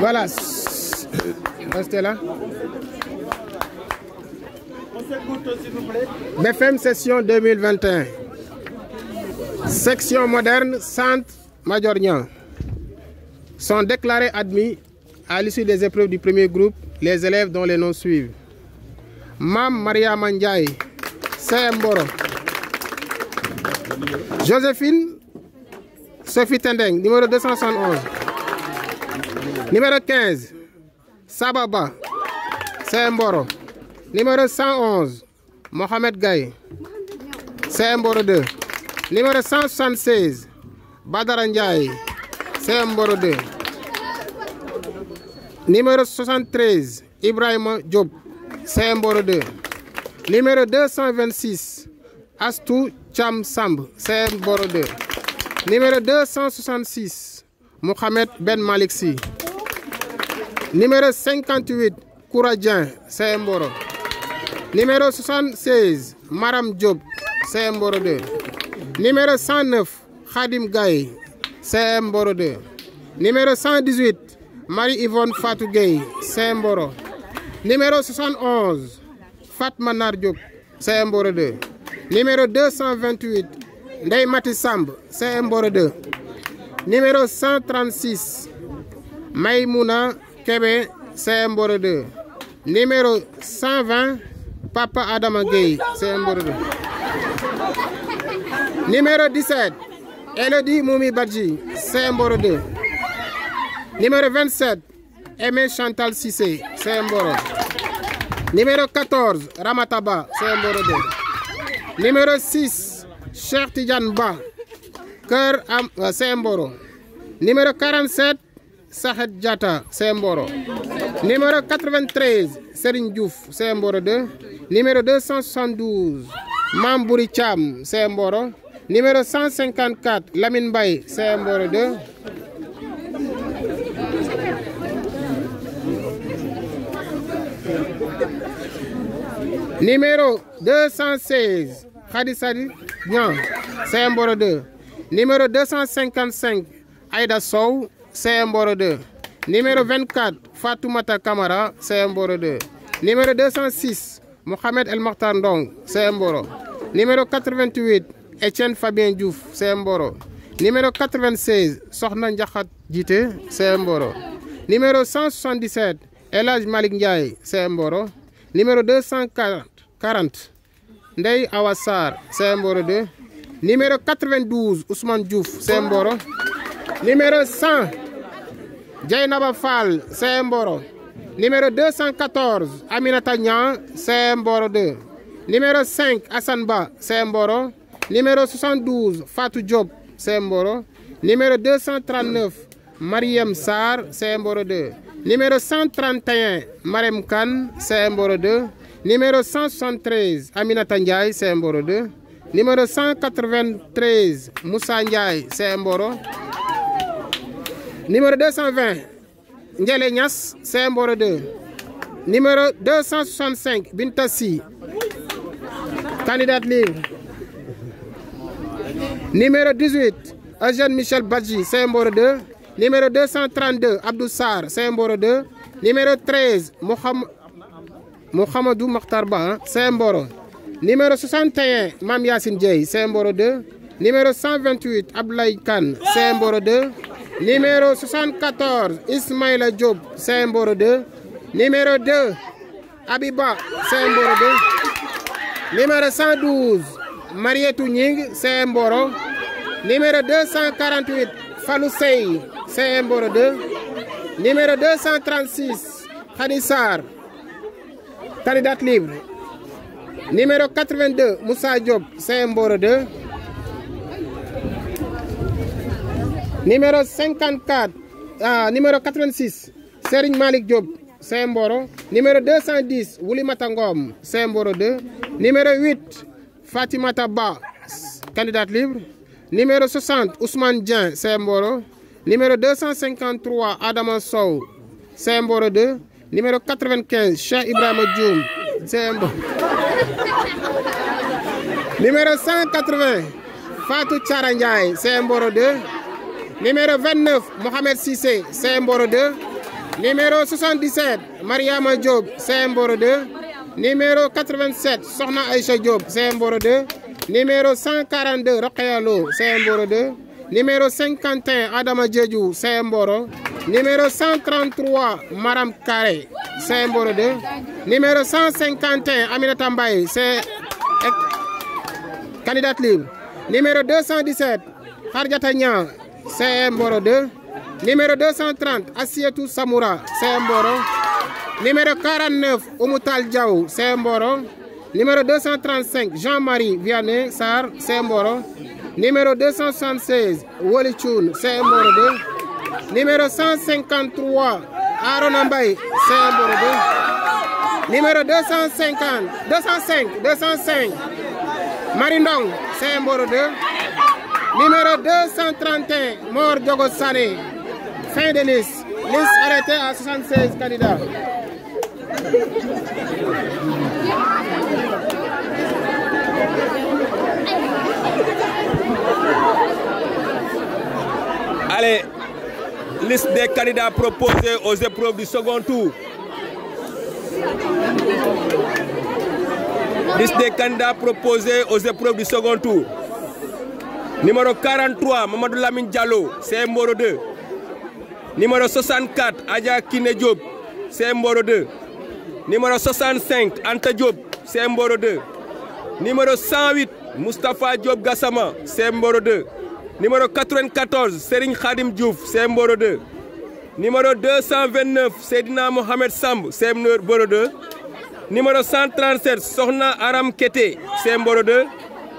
Voilà. Restez là. BFM session 2021. Section moderne, Sainte-Majornia. Sont déclarés admis à l'issue des épreuves du premier groupe les élèves dont les noms suivent. Mam Maria Mandjaï, Mboro. Joséphine Sophie Tendeng, numéro 271. Numéro 15, Sababa Saint-Boro Numéro 111, Mohamed Gaye. Saint-Boro 2. Numéro 176, Badara Ndiaye. Saint-Boro 2. Numéro 73, Ibrahim Diop. Saint-Boro 2. Numéro 226, Astou Cham Samb. boro 2. Numéro 266, Mohamed Ben Maliksi. numéro 58 un mboro numéro 76 Maram Diop un 2 numéro 109 Khadim Gaye un 2 numéro 118 Marie-Yvonne Fatou un Mboro. numéro 71 Fatma Nar c'est un 2 numéro 228 Ndeye c'est Samb un 2 Numéro 136, Maïmouna c'est un 2. Numéro 120, Papa Adam c'est un 2. Numéro 17, Elodie Moumi Badji un 2. Numéro 27, Aimé Chantal Sissé CM Numéro 14, Ramataba un 2. Numéro 6, Cher Tidjan Ba Kër am uh, Semboro numéro 47 Sahad Jata Semboro numéro 93 Serigne Diouf Semboro 2 numéro 272 Mambouri Cham Semboro numéro 154 Lamine Bay Semboro 2 numéro 216 Khadi Sadi Niang Semboro 2 Numéro 255, Aïda Sow, CMBORO 2. Numéro 24, Fatoumata Kamara, CMBORO 2. Numéro 206, Mohamed El Mokhtar Ndong, CMBORO. Numéro 88, Etienne Fabien Diouf, CMBORO. Numéro 96, Sohna c'est un CMBORO. Numéro 177, Elage Malik Ndiaye, CMBORO. Numéro 240, Ndei Awassar, CMBORO 2. Numéro 92, Ousmane Diouf, c'est un Boro. Numéro 100, Djainaba Fall, c'est un Boro. Numéro 214, Aminata Nyan, c'est Boro 2. Numéro 5, Asanba, c'est un Boro. Numéro 72, Fatou Diop, c'est un Boro. Numéro 239, Mariam Sar, c'est un 2. Numéro 131, Marem Khan, c'est un 2. Numéro 173, Aminata Ndiaye, c'est un 2. Numéro 193, Moussa Ndiaye, c'est Numéro 220, Ndiaye Nias, c'est 2. Numéro 265, Bintassi, Candidat libre. Numéro 18, Eugène Michel Badji, c'est 2. Numéro 232, Abdou Sar, c'est 2. Numéro 13, Mohamedou Mokhtarba, c'est un hein, Numéro 61, Mam Yassine c'est un boro 2. Numéro 128, Ablaï Khan, un 2. Numéro 74, Ismail Diop, c'est un 2. Numéro 2, Abiba, c'est un 2. Numéro 112, Marietou c'est un boro Numéro 248, Falusei, c'est un 2. Numéro 236, Hadissar, candidate libre. Numéro 82, Moussa Diop, saint un 2. Numéro 54, ah, numéro 86, Serigne Malik Diop, Saint-Mboro. Numéro 210, Wouli Matangom, Saint-Mboro Numéro 8, Fatima Taba, candidate libre. Numéro 60, Ousmane Dien, Saint-Mboro. Numéro 253, Adam Sow, saint un 2. Numéro 95, Cheikh Ibrahim Djoum, Saint-Mboro. Numéro 180, Fatou Tcharandjaï, c'est un 2. Numéro 29, Mohamed Sissé, c'est Mboro 2. Numéro 77, Mariam Diop, c'est un 2. Numéro 87, Sorna Aïcha Diop, c'est un 2. Numéro 142, Rokhayalo, c'est un 2. Numéro 51, Adama Djedjou, c'est un Mboro. Numéro 133, Maram Karé, Saint-Borodé. Numéro 151, Aminata c'est candidate libre. Numéro 217, Harjatanya, c'est Saint-Borodé. Numéro 230, Assietou Samoura, un boro Numéro 49, Oumoutal c'est un Numéro 235, Jean-Marie Vianney Sar, un Numéro 276, Wolichoun, Saint-Boro. Numéro 153, Aaron Mbaye Saint 2. numéro 250 205 205 Marindong Saint numéro 231 mort de fin de liste liste arrêtée à 76 candidats liste des candidats proposés aux épreuves du second tour. Liste des candidats proposés aux épreuves du second tour. Numéro 43, Mamadou Lamine Diallo, c'est Mboro 2. Numéro 64, Adja Kine Diop, c'est Mboro 2. Numéro 65, Anta Diop, c'est Mboro 2. Numéro 108, Mustapha Diop Gassama, c'est Mboro 2 numéro 94 Serigne Khadim Diouf un Mboro 2 numéro 229 Sedina Mohamed Samb un Mboro 2 numéro 137 Sohna Aram Kete un Mboro 2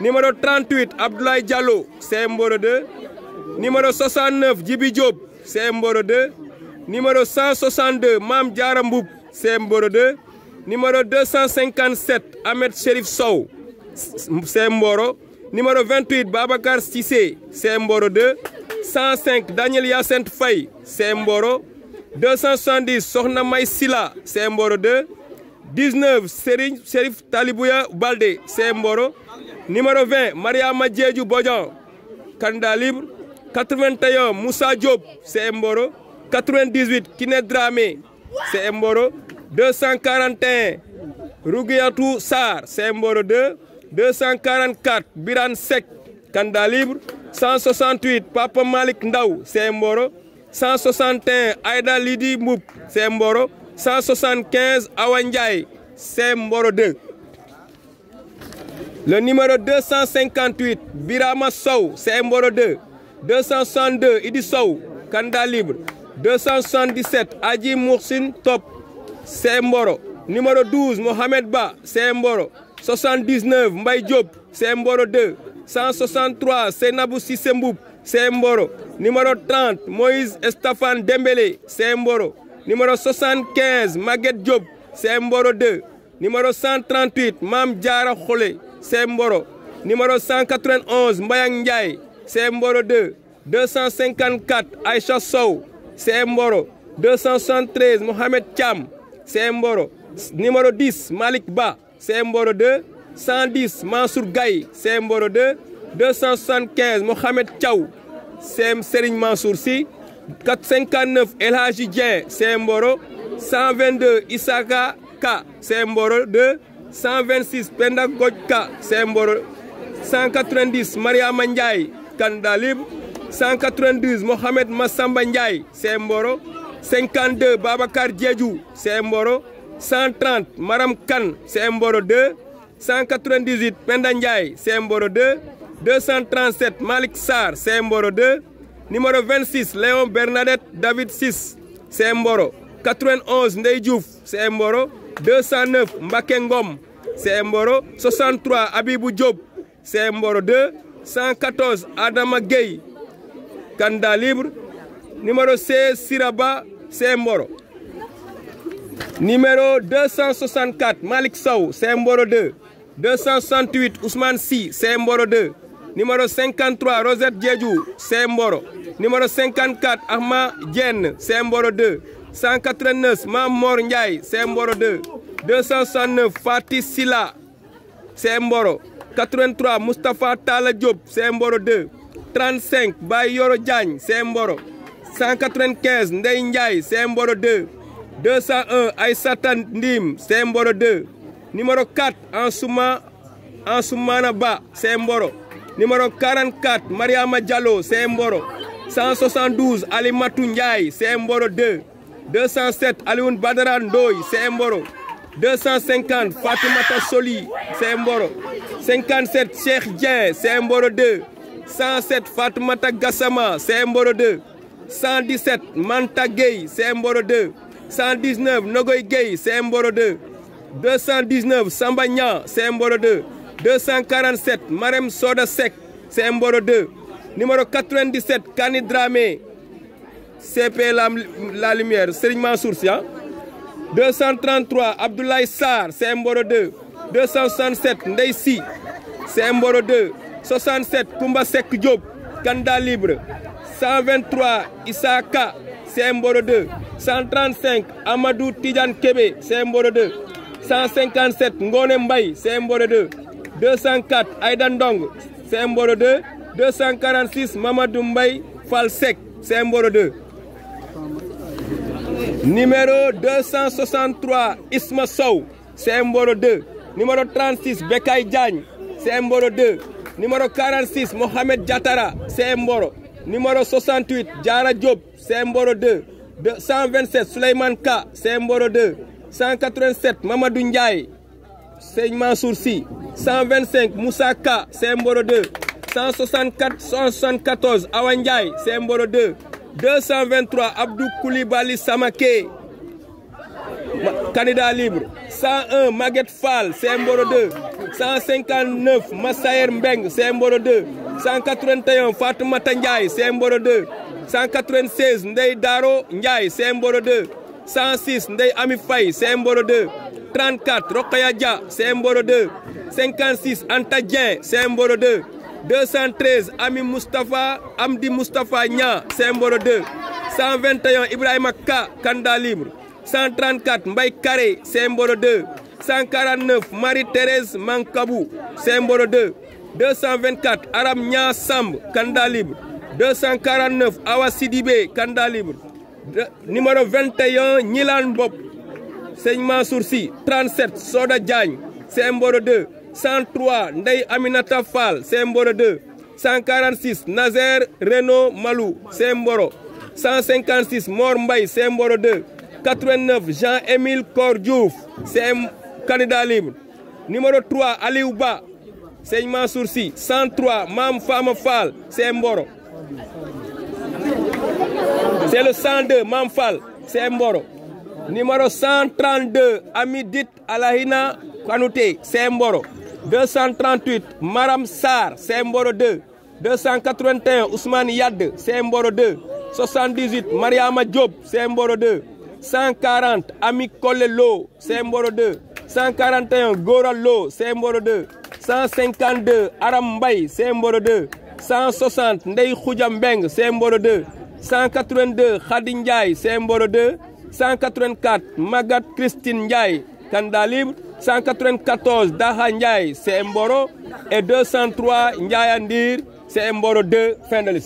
numéro 38 Abdoulaye Diallo un Mboro 2 numéro 69 Djibi Diop un Mboro 2 numéro 162 Mam Djarambouk, c'est un Mboro 2 numéro 257 Ahmed Sherif Sow CM 2 numéro 28 Babacar Stissé, c'est Mboro 2 105 Daniel Yacente Fay, c'est Mboro 270 Sohna May c'est Mboro 2 19 Serigne Serif Talibouya Balde, c'est Mboro numéro 20 Maria Diédiou Bojan, candidat libre 81 Moussa Diop c'est Mboro 98 Kine Dramé c'est Mboro 241 Rougiatou Sar, c'est Mboro 2 244 Biran Sek, Kanda libre. 168 Papa Malik Ndaw, Mboro. 161 Aida Lidi Moup, Mboro. 175 c'est Mboro 2. Le numéro 258 Birama Sow, Mboro 2. 262 Idi Sow, Kanda libre. 277 Adji Moursin Top, Mboro. Numéro 12 Mohamed Ba, Mboro. 79 Mbaye Diop c'est Mboro 2 163 c'est Sissemboub, c'est Mboro numéro 30 Moïse Estafan Dembélé c'est Mboro numéro 75 Maguette Diop c'est Mboro 2 numéro 138 Mam Djara Kholé c'est Mboro numéro 191 Mayang Ndiaye c'est Mboro 2 254 Aïcha Sow c'est Mboro 273 Mohamed Cham c'est Mboro numéro 10 Malik Ba 2 110 Mansour Gaye c'est 2 275 Mohamed Thiaw c'est Serigne Mansour 459 El 122 Isaka Ka c'est 2 126 Pendak K, Ka 190 Maria Kandalib 192 Mohamed Massamba Ndiaye 52 Babakar Diédhiou c'est 130 Maram Kan boro 2 198 c'est un boro 2 237 Malik Sar un Mboro 2 numéro 26 Léon Bernadette David 6 boro. 91 c'est un Mboro. 209 c'est un boro. 63 Abibou Diop Mboro 2 114 Adama Gueye Kanda Libre numéro 16 Siraba Mboro. Numéro 264, Malik Sow, Mboro 2. 268, Ousmane Si, Mboro 2. Numéro 53, Rosette Djedjou, Mboro. Numéro 54, Ahmad c'est Mboro 2. 189, Mamor Ndiaye, Mboro 2. 269, Fatih Silla, Mboro. 83, Mustafa Tala Diop, Mboro 2. 35, Bayoro Diagne, Mboro. 195, Ndeye Ndiaye, Mboro 2. 201 c'est Ndim un 2 numéro 4 Ansouma c'est un Mboro. numéro 44 Mariama un Mboro. 172 Ali Matou c'est un 2 207 Doi, c'est un Mboro. 250 Fatoumata Soli c'est Mboro. 57 Cheikh Dien un 2 107 Fatoumata Gassama c'est un 2 117 Manta c'est un 2 119 Nogoy Gay c'est Mboro 2 219 Samba c'est Mboro 2 247 Marem Soda sec, c'est Mboro 2 numéro 97 Kani Dramé CP la, Lumière Serigne Mansour 233 ah. Abdoulaye sar c'est Mboro 2 267 Ndeye c'est c'est Mboro 2 67 Koumba sek Diop Kanda Libre 123 Issaka c'est Mboro 2 135 Amadou Tijan Kébé, c'est de 2. 157 Ngone Mbaye, c'est 2. 204 Aidan Dong, c'est 2. 246 Mamadou Mbaye Falsek, c'est 2. Numéro 263 Isma Sow, c'est 2. Numéro 36 Bekai Diagne, c'est numéro 2. Numéro 46 Mohamed Jatara, c'est numéro. Numéro 68 Jara Diop, c'est 2. 127 Souleymane Ka Mboro 2 187 Mamadou Ndiaye Seigne Mansour 125 Moussa Ka Mboro 2 164 174 Awa Ndiaye Mboro 2 223 Abdou Koulibaly Samake, candidat libre 101 Maguette Fall Mboro 2 159 Massaer Mbeng c'est Mboro 2 181 Fatoumata Ndiaye Mboro 2 196 Ndeye Daro Ndiaye Mboro 2 106 Ndeye Amifay, symbole 2 34 Rokhaya Dia 2 56 Anta symbole 2 213 Ami Mustafa, Amdi Nya, c'est Semboro 2 121 Ibrahima Ka Kanda Libre 134 Mbaye Kare 2 149 Marie-Thérèse Mankabou symbole 2 224 Aram Nya Samb Kanda Libre 249 Awa Sidibé candidat libre numéro 21 Nilan Bop... Seigne Mansour 37 Soda Djang, c'est mboro 2 103 Ndeye Aminata Fall c'est mboro 2 146 Nazer Reno Malou c'est mboro 156 Mor Mbaye c'est 2 89 Jean-Émile Kordiouf c'est candidat libre numéro 3 Aliouba, Ouba... Seigne 103 Mam Fama Fall c'est mboro c'est le 102, Mamfal, c'est Mboro. Numéro 132, Amidit Alahina Kanouté, c'est Mboro. 238, Maram Sar, c'est Mboro 2. 281, Ousmane Yad, c'est Mboro 2. 78, Mariama Diop, c'est Mboro 2. 140, Ami Kolelo, c'est Mboro 2. 141, Gora Lo, c'est Mboro 2. 152, Arambay, c'est Mboro 2. 160, Ndei Khoudjambeng, c'est Mboro 2. 182 Khadin Ndiaye Mboro 2 184 Magat Christine Ndiaye Kandalib libre 194 Daha Ndiaye Mboro. et 203 Ndiaye Andir Mboro 2 fin de